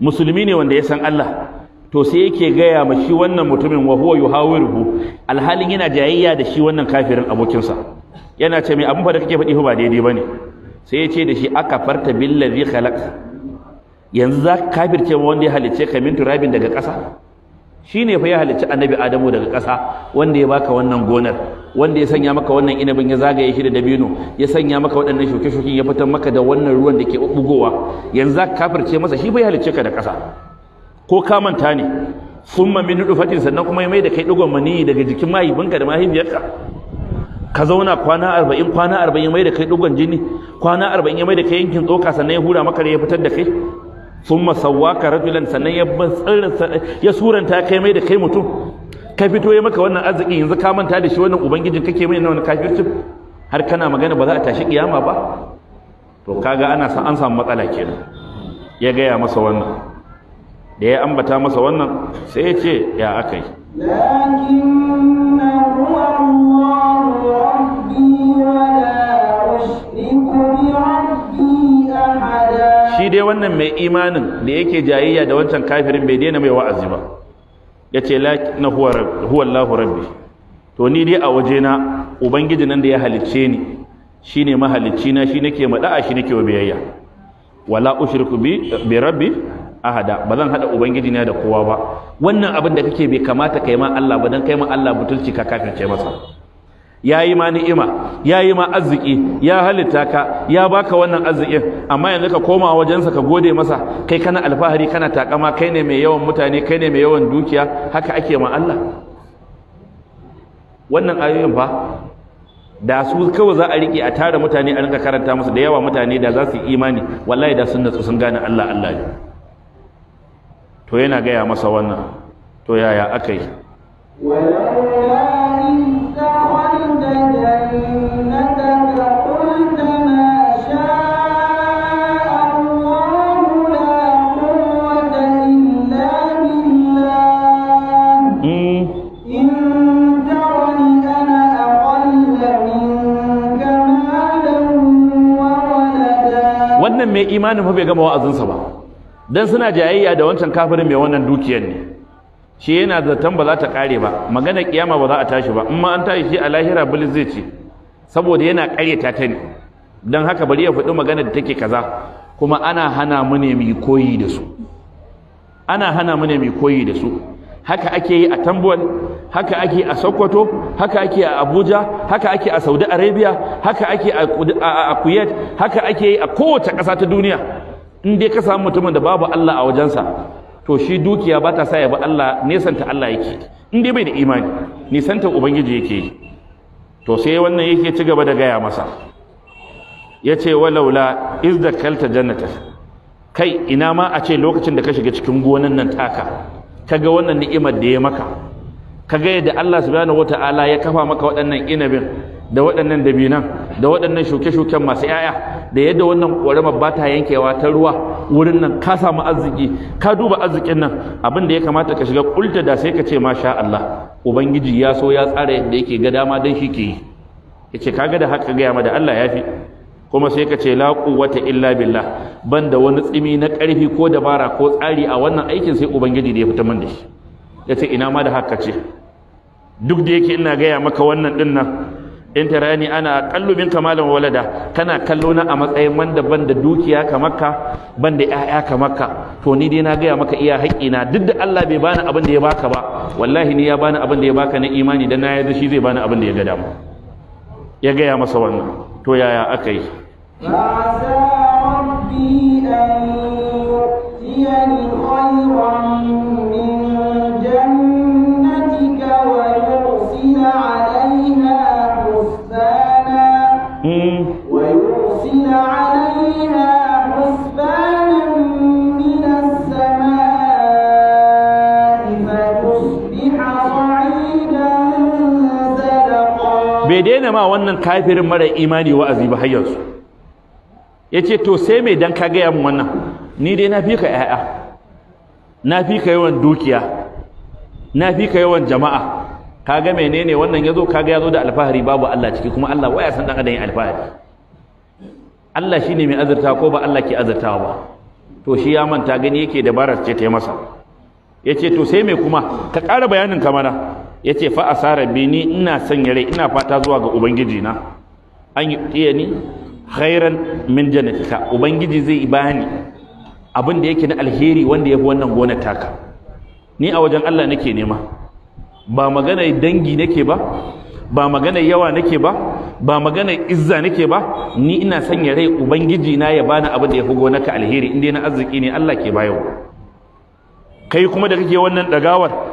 musulmi ne wanda ya san Allah to sai yake gaya ma shi wannan mutumin wa huwa yuhawiruhu alhalin yana jayayya da shi wannan kafirin abokinsa yana ce mai abin fa da kake faɗi ba daidai ne? sai ya ce da shi aka farta billazi khalaq yanzu za ka kafirce wanda ya halice ka min turabin daga ƙasa shine fa ya halicci annabi adamu daga ƙasa wanda ya baka wannan gonar wanda ya sanya maka wannan inabin ya zagaye shi da dabino ya sanya maka waɗannan shuke-shuken ya fitar maka da wannan ruwan da ke bugowa yanzu za ka kafirce masa shi fa ya halicce ka da ƙasa ko ka manta ne summa min fatin sannan kuma ya mai da kai digon mani daga jikin mahaifinka da mahaifiyarka ka zauna kwana arba'in kwana arba'in mai da kai ɗugon jini kwana arba'in ya mai da kai yankin tsoka sannan ya hura maka ya fitar da kai sun masauwa ka rajulan sannan ya suranta kai mai da kai mutum ka fito ya maka wannan arziki yanzu ka manta da shi wannan ubangijin kake mai na wani kafircin har kana magana ba za a tashi kiyama ba to kaga ana san an samu matsala kenan ya gaya masa wannan da ya ambata masa wannan sai ya ce ya akayi. lakin dai wannan mai imanin da yake jayayya da wancan kafirin bai daina mai wa'azi ba ya ce na huwallahu rabbi to ni dai a waje na ubangiji nan da ya halicce ni shi mahalicci na shi nake maɗa'a shi nake wa biyayya wala ushriku bi bi rabbi ahada ba zan hada ubangiji na da kowa ba wannan abin da kake bai kamata kai ma Allah ba dan kai ma Allah butulci ka kafirce masa ya yi ma ni'ima ya yi ma arziki ya halitta ka ya baka wannan arzikin amma yanzu ka koma wajensa ka gode masa kai kana alfahari kana takama kai ne mai yawan mutane kai ne mai yawan dukiya haka ake ma Allah wannan ayoyin fa da su kawai za a rike a tara mutane a rinka karanta musu da yawa mutane da za su yi imani wallahi da sun natsu sun gane Allah Allah ne to yana gaya masa wannan to yaya aka yi imanin fa bai gama wa'azinsa ba dan suna jayayya da wancan kafirin mai wannan dukiyar ne shi yana zaton ba za ta kare ba magana kiyama ba za a tashi ba amma an tashi shi a lahira bilis zai ce saboda yana karyata ta ne dan haka bari ya faɗi magana da take kaza kuma ana hana mu ne mu koyi da su ana hana mu ne mu koyi da su haka ake yi a tambol haka ake a sokoto haka ake a abuja haka ake a saudi arabia haka ake a kuwait haka ake a kowace ƙasa ta duniya in dai ka samu mutumin da babu allah a wajensa to shi dukiya ba ta sa ya bi allah nesanta allah yake in dai bai da imani nisanta ubangiji yake yi to sai wannan yake ci gaba da gaya masa ya ce laula iz da kalta jannata kai ina ma a ce lokacin da ka shiga cikin gonan nan taka ka ga wannan ni'imar da ya maka Ka kaga yadda Allah subhanahu wataala ya kafa maka waɗannan inabin da waɗannan dabinan da waɗannan shuke-shuken masu 'ya'ya da yadda wannan ƙwaramar ba ta yankewa ta ruwa wurin nan ka samu arziki ka duba arzikin nan abin da ya kamata ka shiga kulta da sai ka ce masha Allah ubangiji ya so ya tsara yadda yake ga dama dan shi ke yi yace kaga da haka ga yamma da Allah ya fi kuma sai ka ce la quwwata illa billah da wani tsimi na ƙarfi ko dabara ko tsari a wannan aikin sai ubangiji da ya fita man da shi ya ce ina ma da haka ce duk da yake ina gaya maka wannan din nan in rani ana kallo min kamalin walada kana kallo na a matsayin wanda ban da dukiya kamar ka ban da ƴaƴa kamar ka to ni dai na gaya maka iya haƙƙi na duk da Allah bai bani abin da ya baka ba wallahi ni ya bani abin da ya baka na imani dan na yarda shi zai bani abin da ya ga dama ya gaya masa wannan to yaya aka yi nuna ma wannan kafirin mara imani wa'azi ba har yanzu ce to sai me dan ka gaya min wannan ni dai na fi ka ya'ya na fi ka yawan dukiya na fi ka yawan jama'a Ka ga menene wannan ya ga ya zo da alfahari babu Allah ciki kuma Allah waya san dan adam yin alfahari Allah shine mai azurta ko ba Allah ke azurtawa ba to shi ya manta gani yake dabarar ce ta yi masa ce to sai me kuma ka ƙara bayanin kamana ya ce fa asara bi ni ina sanya rai ina fata zuwa ga ubangiji na an yi iya ni khairan min janatika ubangiji zai bani abin da yake na alheri wanda ya fi wannan gonar taka ni a wajen Allah nake nema ba magana dangi nake ba ba magana yawa nake ba ba magana izza nake ba ni ina sanya rai ubangiji na ya bani abin da ya fi ka alheri inda na arziki ne Allah ke bayarwa kai kuma da kake wannan dagawar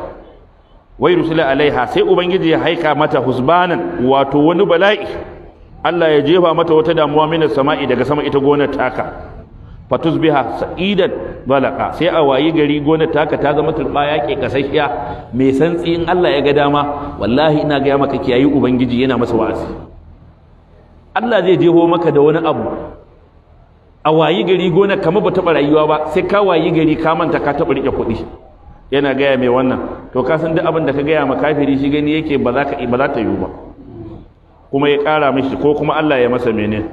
wai rusula alaiha sai ubangiji ya haika mata husbanan wato wani bala'i Allah ya jefa mata wata damuwa minas sama'i daga sama ita gonar taka Biha sa'idan balaka sai a wayi gari gonar taka ta zama turba ke kasashiya mai santsi in Allah ya ga dama wallahi ina ga maka kiyayi ubangiji yana masa wa'azi Allah zai jefo maka da wani abu a wayi gari gonar kamar ba taɓa rayuwa ba sai ka wayi gari ka manta ka taɓa rike kuɗi yana gaya mai wannan to ka san duk abin da ka gaya ma kafiri shi gani yake ba za ka ba za ta yiwu ba kuma ya ƙara mishi ko kuma Allah ya masa mene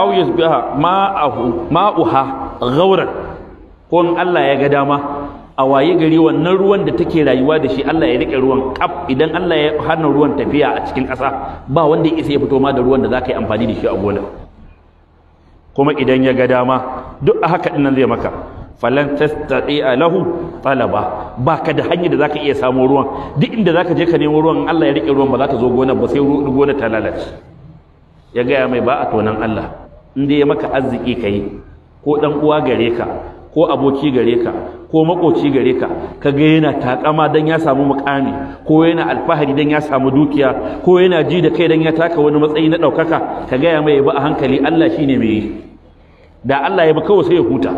au yasbiha ma'ahu ma'uha ghauran ko in Allah ya ga dama a waye gari wannan ruwan da take rayuwa da shi Allah ya rike ruwan kaf idan Allah ya hana ruwan tafiya a cikin ƙasa ba wanda ya isa ya fito ma da ruwan da za ka yi amfani da shi a gona kuma idan ya ga dama duk a haka dinnan zai maka falan tastati lahu talaba baka da hanyar da zaka iya samu ruwan duk inda zaka je ka nemo ruwan Allah ya rike ruwan ba za ta zo gona ba sai gona ta lalace ya gaya mai ba a tonan Allah in dai ya maka arziki kai ko dan uwa gare ka ko aboki gare ka ko makoci gare ka kaga yana takama dan ya samu mukami ko yana alfahari dan ya samu dukiya ko yana ji da kai dan ya taka wani matsayi na daukaka ka gaya mai ba a hankali Allah shine mai yi da Allah ya ba kawai sai ya huta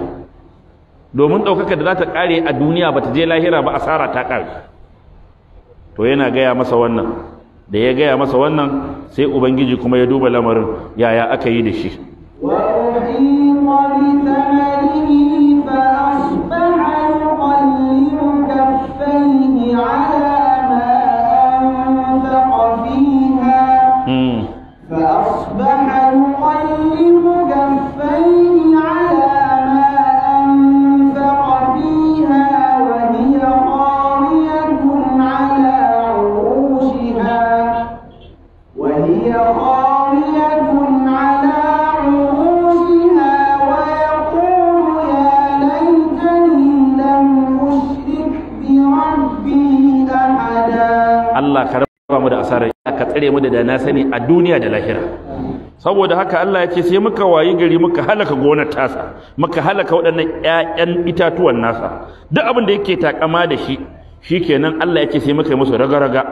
domin daukaka da za ta kare a duniya ba ta je lahira ba asara ta kare to yana gaya masa wannan da ya gaya masa wannan sai ubangiji kuma ya duba lamarin yaya aka yi da shi tsare mu da dana sani a duniya da lahira saboda haka Allah ya ce sai muka wayi gari muka halaka gonar tasa muka halaka waɗannan ƴaƴan itatuwan nasa duk abin da yake takama da shi shikenan Allah ya ce sai muka yi musu ragaraga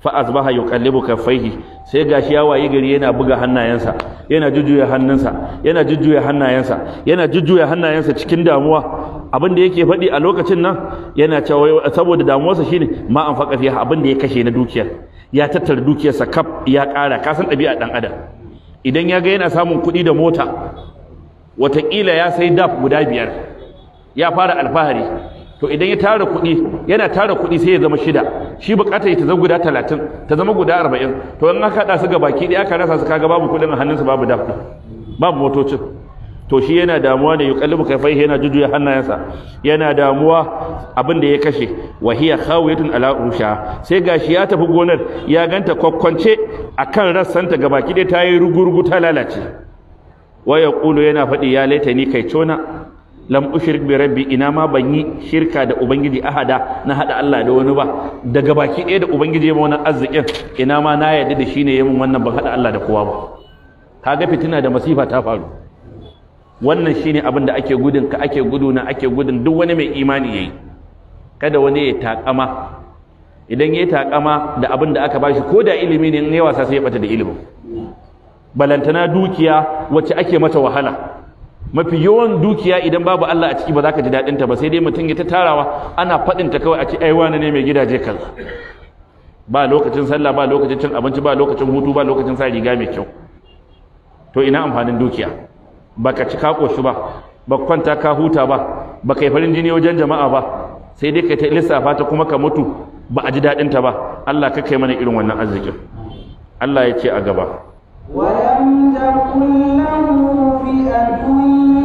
fa azbaha yuqallibu kaffaihi sai gashi ya wayi gari yana buga hannayensa yana jujjuya hannunsa yana jujjuya hannayensa yana jujjuya hannayensa cikin damuwa abin da yake faɗi a lokacin nan yana cewa saboda damuwarsa shine ma an faka fiha abin da ya kashe na dukiyar ya tattara dukiyarsa kaf ya ƙara kasan ɗabi'a ɗan adam idan ya ga yana samun kuɗi da mota watakila ya sai daf guda biyar ya fara alfahari to idan ya tara kuɗi yana tara kuɗi sai ya zama shida shi buƙatar ta zama guda talatin ta zama guda arba'in to in aka haɗa su ga baki ɗaya aka rasa su kaga babu kuɗin a hannunsu babu daf babu motocin to shi yana damuwa ne yuqallibu kayfaihi yana jujuya hannayensa yana damuwa abin da ya kashe wa hiya khawiyatun ala usha sai gashi ya tafi gonar ya ganta kokkonce akan rassanta gabaki dai tayi rugurgu ta lalace wa yaqulu yana faɗi ya laitani kai cona lam ushrik bi rabbi ina ma ban yi shirka da ubangiji ahada na hada Allah da wani ba daga baki ɗaya da ubangiji ya wannan arzikin ina ma na yarda da shine yayin wannan ban hada Allah da kowa ba kaga fitina da masifa ta faru wannan shine abin da ake gudun ka ake guduna ake gudun duk wani mai imani yayi kada wani ya takama idan ya takama da abin da aka bashi ko da ilimi ne in yawa sai ya bata da ilimin balantana dukiya wacce ake mata wahala mafi yawan dukiya idan babu Allah a ciki ba za ka ji daɗinta ba sai dai mutum ya ta tarawa ana faɗinta kawai a ci ai wani ne mai gidaje kaza ba lokacin sallah ba lokacin abinci ba lokacin hutu ba lokacin sa riga mai kyau to ina amfanin dukiya baka ci ka koshi ba ba kwanta ka huta ba ba kai farin jini wajen jama'a ba sai dai yi ta lissafa ta kuma ka mutu ba a ji daɗin ta ba Allah ka kai mana irin wannan arzikin Allah ya ce a gaba walam takun lahu fi'atun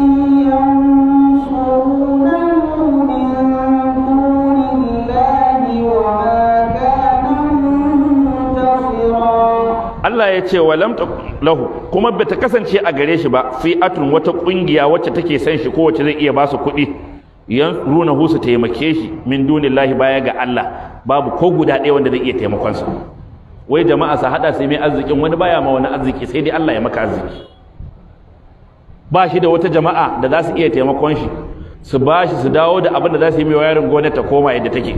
ya ce walam lahu kuma bata kasance a gare shi ba atun wata kungiya wacce take san shi ko wacce zai iya ba su kuɗi runa husu taimake shi min dunillahi baya ga Allah babu ko guda ɗaya wanda zai iya taimakon sa wai jama'a sa hada sai mai arzikin wani baya ma wani arziki sai dai Allah ya maka arziki ba shi da wata jama'a da za su iya taimakon shi su ba shi su dawo da abin da za su yi mai wayarin gwamnati ta koma yadda take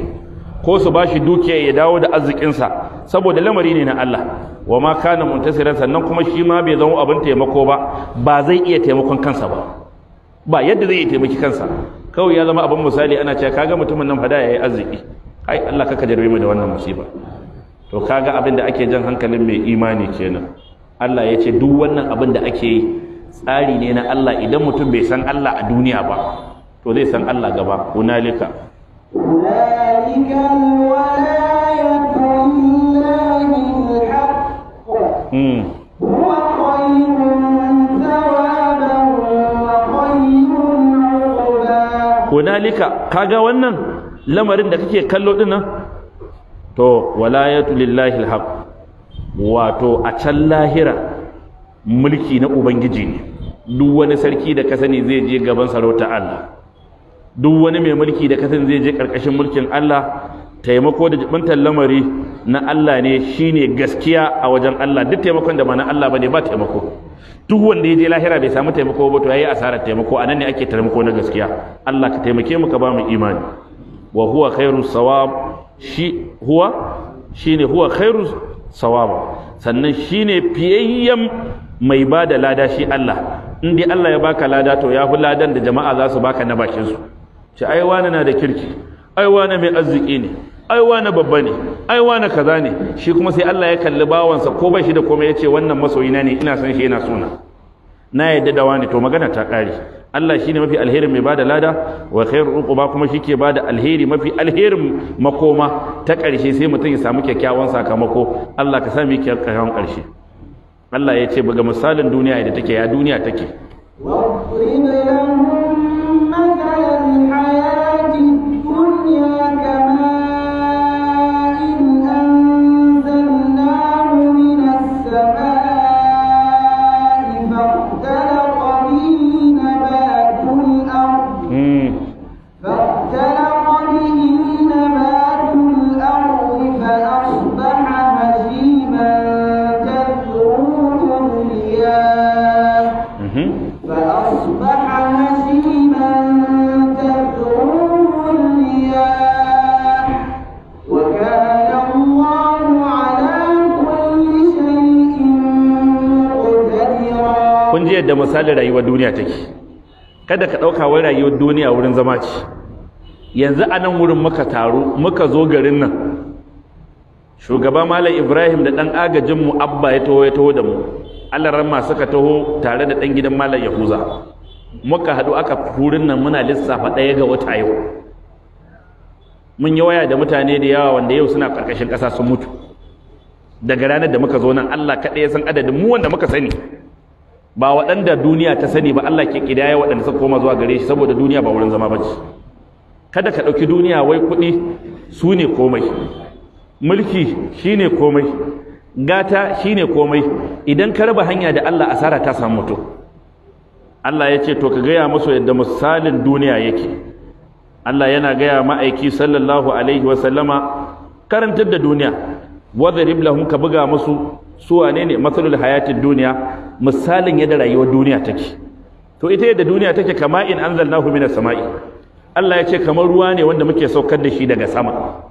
ko su ba shi dukiya ya dawo da arzikinsa saboda lamari ne na Allah wa ma kana muntasiran sannan kuma shi ma bai zama abin taimako ba ba zai iya taimakon kansa ba ba yadda zai iya taimaki kansa kawai ya zama abin misali ana cewa kaga mutumin nan fada yayi arziki ai Allah kaka kajarbe mu da wannan musiba to kaga abin da ake jan hankalin mai imani kenan Allah ya ce duk wannan abin da ake yi tsari ne na Allah idan mutum bai san Allah a duniya ba to zai san Allah gaba hunalika hunalika hunalika kaga wannan lamarin da kake kallo dinnan to walayatu lillahi alhaq wato a can lahira mulki na ubangiji ne duk wani sarki da kasani zai je gaban sarauta Allah duk wani mai mulki da ka zai je karkashin mulkin Allah taimako da jibantar lamari na Allah ne shine gaskiya a wajen Allah duk taimakon da ba na Allah bane ba taimako duk wanda ya je lahira bai samu taimako ba to yayi asarar taimako anan ne ake taimako na gaskiya Allah ka taimake mu ka ba mu imani wa huwa khairu sawab shi huwa shine huwa khairu sawab sannan shine fiyayyen mai ba da lada shi Allah in dai Allah ya baka lada to ya fi ladan da jama'a za su baka na bakin su ce ai wani na da kirki ai wani mai arziki ne ai wani babba ne ai wani kaza ne shi kuma sai Allah ya kalli bawansa ko ba shi da komai yace wannan masoyina ne ina san shi yana suna na yadda da wani to magana ta kare Allah shine mafi alheri mai bada lada wa khairu uquba kuma shi ke bada alheri mafi alherin makoma ta karshe sai mutum ya samu kyakkyawan sakamako Allah ka sami kyakkyawan karshe Allah ya ce buga misalin duniya da take ya duniya take wa misalin rayuwar duniya take kada ka ɗauka wai rayuwar duniya wurin zama ce yanzu a nan wurin muka taru muka zo garin nan shugaba malam ibrahim da dan agajin mu abba ya taho ya taho da mu alaramma suka taho tare da ɗan gidan malam yahuza muka haɗu aka furin nan muna lissafa ɗaya ga wata yau mun yi waya da mutane da yawa wanda yau suna ƙarƙashin ƙasa sun mutu daga ranar da muka zo nan Allah kaɗai ya san adadin mu wanda muka sani ba waɗanda duniya ta sani ba Allah ke ƙidaya waɗanda suka koma zuwa gare shi saboda duniya ba wurin zama ba ce kada ka ɗauki duniya wai kuɗi su ne komai mulki shi ne komai gata shi ne komai idan ka raba hanya da Allah asara ta samu mutu. Allah ya ce to ka gaya musu yadda misalin duniya yake Allah yana gaya ma'aiki sallallahu alaihi wasallama karantar da duniya wadda lahum ka buga musu su wane ne matsalul hayatin duniya misalin yadda rayuwar duniya take to ita yadda duniya take kama in anzalnahu minas sama'i Allah ya ce kamar ruwa ne wanda muke saukar da shi daga sama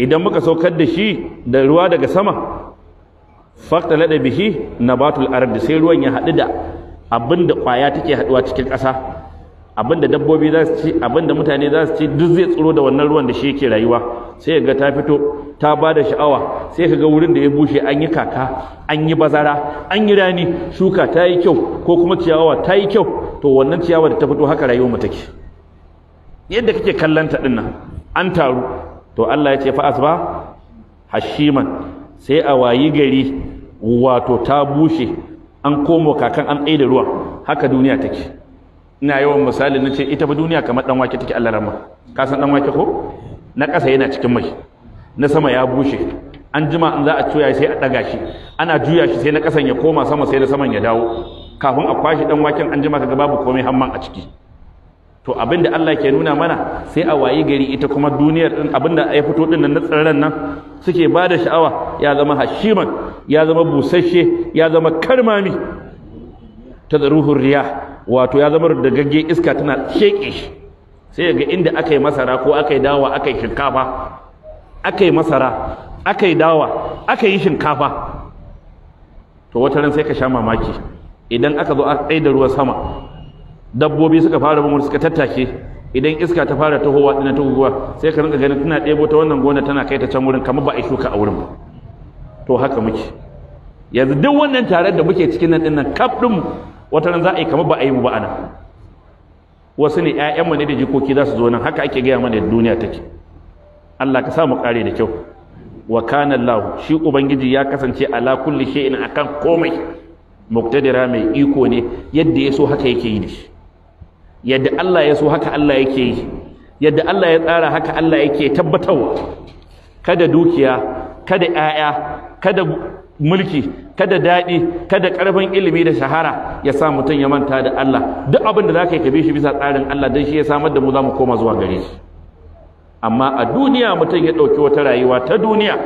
idan muka saukar da shi da ruwa daga sama faqtala na bihi nabatul ardi sai ruwan ya haɗu da abinda kwaya take haɗuwa cikin ƙasa da dabbobi za su ci abinda mutane za su ci duk zai tsoro da wannan ruwan da shi yake rayuwa sai ga ta fito ta ba da sha'awa sai ka ga wurin da ya bushe an yi kaka an yi bazara an yi rani shuka ta yi kyau ko kuma ciyawa ta yi kyau to wannan ciyawa da ta fito haka rayuwar mu take yadda kake kallon ta dinnan an taru to Allah ya ce fa asba hashiman sai a wayi gari wato ta bushe an komo kakan an aida da ruwa haka duniya take ina yawan misali na ce ita ba duniya kamar dan wake take Allah rama ka san dan wake ko na ƙasa yana cikin mai na sama ya bushe an jima in za a cuya sai a daga shi ana juya shi sai na ƙasan ya koma sama sai na saman ya dawo kafin a kwashe dan waken an jima kaga babu komai hamman a ciki to abinda Allah ke nuna mana sai a wayi gari ita kuma duniyar din abin da ya fito din nan na tsirran nan suke ba da sha'awa ya zama hashiman ya zama busasshe ya zama karmami ta zaruhun riya wato ya zama da gagge iska tana sheƙe shi sai ga inda aka yi masara ko aka yi dawa aka yi shinkafa aka yi masara aka yi dawa aka yi shinkafa to wata ran sai ka sha mamaki idan aka zo aka tsaye da ruwa sama dabbobi suka fara bin suka tattake idan iska ta fara tahowa ɗin ta guguwa sai ka rinka ganin tana ɗebo ta wannan gona tana kai ta can wurin kamar ba a shuka a wurin ba to haka muke yanzu duk wannan tare da muke cikin nan ɗin nan kaf ɗin wata nan za a yi kama ba a yi mu ba ana wasu ne ƴaƴanmu ne da jikoki za su zo nan haka ake gaya mana da duniya take Allah ka sa mu kare da kyau wa kana Allah shi ubangiji ya kasance ala kulli shay'in akan komai muqtadira mai iko ne yadda ya so haka yake yi da yadda Allah ya so haka Allah yake yi yadda Allah ya tsara haka Allah yake tabbatarwa kada dukiya kada 'ya'ya, kada mulki kada daɗi kada ƙarfin ilimi da shahara ya sa mutum ya manta da Allah duk abin da za ka yi shi bisa tsarin Allah don shi ya samar da mu za mu koma zuwa gare shi amma a duniya mutum ya ɗauki wata rayuwa ta duniya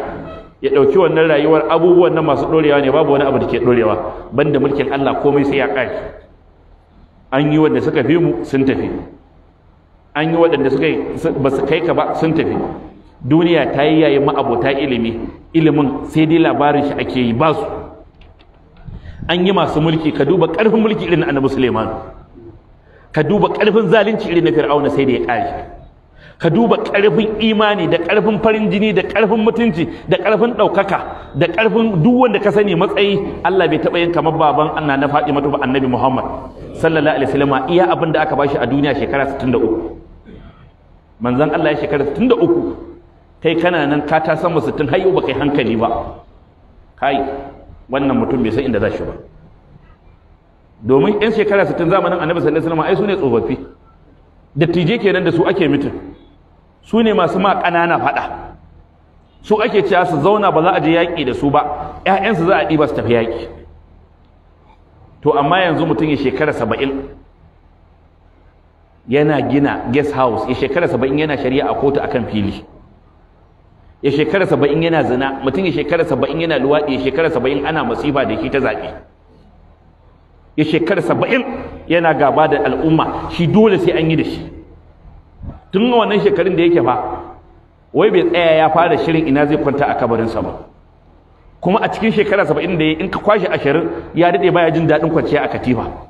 ya ɗauki wannan rayuwar abubuwan nan masu ɗorewa ne babu wani abu da ke ɗorewa banda mulkin Allah komai sai ya ƙari an yi wanda suka fi mu sun tafi an yi waɗanda suka ba su kai ka ba sun tafi duniya ta yi yayi ma'abota ilimi ilimin sai dai labarin shi ake yi ba su an yi masu mulki ka duba ƙarfin mulki irin annabi Suleiman ka duba ƙarfin zalunci irin na Fir'auna sai da ya ƙare ka duba ƙarfin imani da ƙarfin farin jini da ƙarfin mutunci da ƙarfin ɗaukaka da ƙarfin duk wanda ka sani matsayi Allah bai taɓa yin kamar baban Allah na Fatima ba Annabi Muhammad sallallahu alaihi wasallam iya abin da aka bashi a duniya shekara 63 manzon Allah ya shekara 63 kai kana nan ka ta sama sittin har yau baka yi hankali ba kai wannan mutum bai san inda za shi ba domin yan shekara sittin zamanin annabi sallallahu alaihi wasallam ai su ne tsofaffi dattijai kenan da su ake mutum su ne masu ma ƙanana faɗa su ake cewa su zauna ba za a je yaƙi da su ba ƴaƴansu za a ɗiba su tafi yaƙi to amma yanzu mutum ya shekara saba'in yana gina guest house ya shekara saba'in yana shari'a a kotu akan fili ya shekara saba'in yana zina mutum ya shekara saba'in yana luwaɗi ya shekara saba'in ana masifa da shi ta zaɓe ya shekara saba'in yana gaba da al'umma shi dole sai an yi da shi tun wannan shekarun da yake fa wai bai tsaya ya fara shirin ina zai kwanta a kabarinsa ba kuma a cikin shekara saba'in da ya in ka kwashe ashirin ya daɗe baya jin daɗin kwanciya a katifa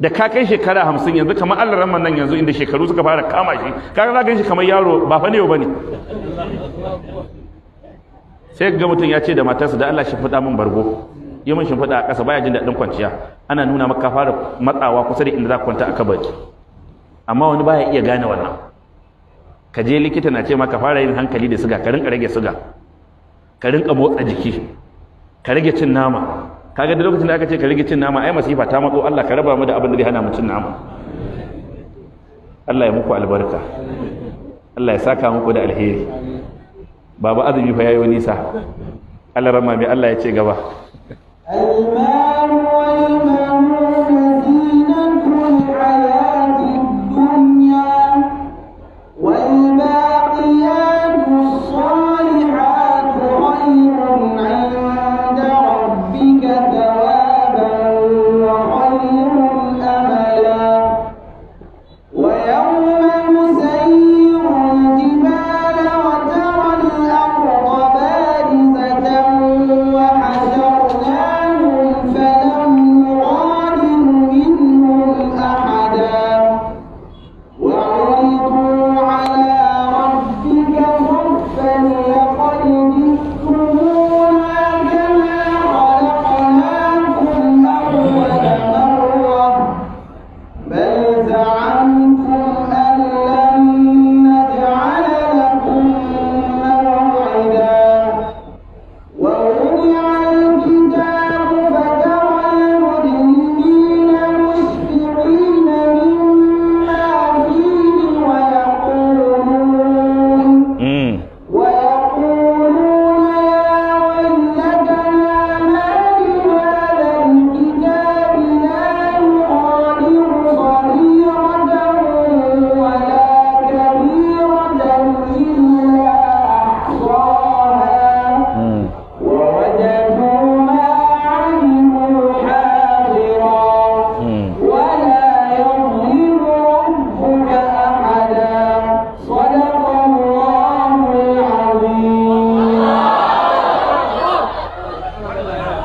da ka kai shekara hamsin yanzu kamar allah ramman nan yanzu inda shekaru suka fara kama shi Ka ga gan shi kamar yaro ba fa ne ba ne sai ga mutum ya ce da matarsa da allah shi fada min bargo yi min shimfiɗa a ƙasa baya jin daɗin kwanciya ana nuna maka fara matsawa kusa da inda za kwanta a kabari amma wani baya iya gane wannan ka je likita na ce maka fara yin hankali da siga ka rinka rage siga ka rinka motsa jiki ka rage cin nama kaga da lokacin da aka ce ka rigi cin nama ai masifa ta matso Allah ka raba mu da abin da zai hana mu cin nama Allah ya muku albarka Allah ya saka muku da alheri baba azumi fa yayi nisa Allah rama mai Allah ya ce gaba al wal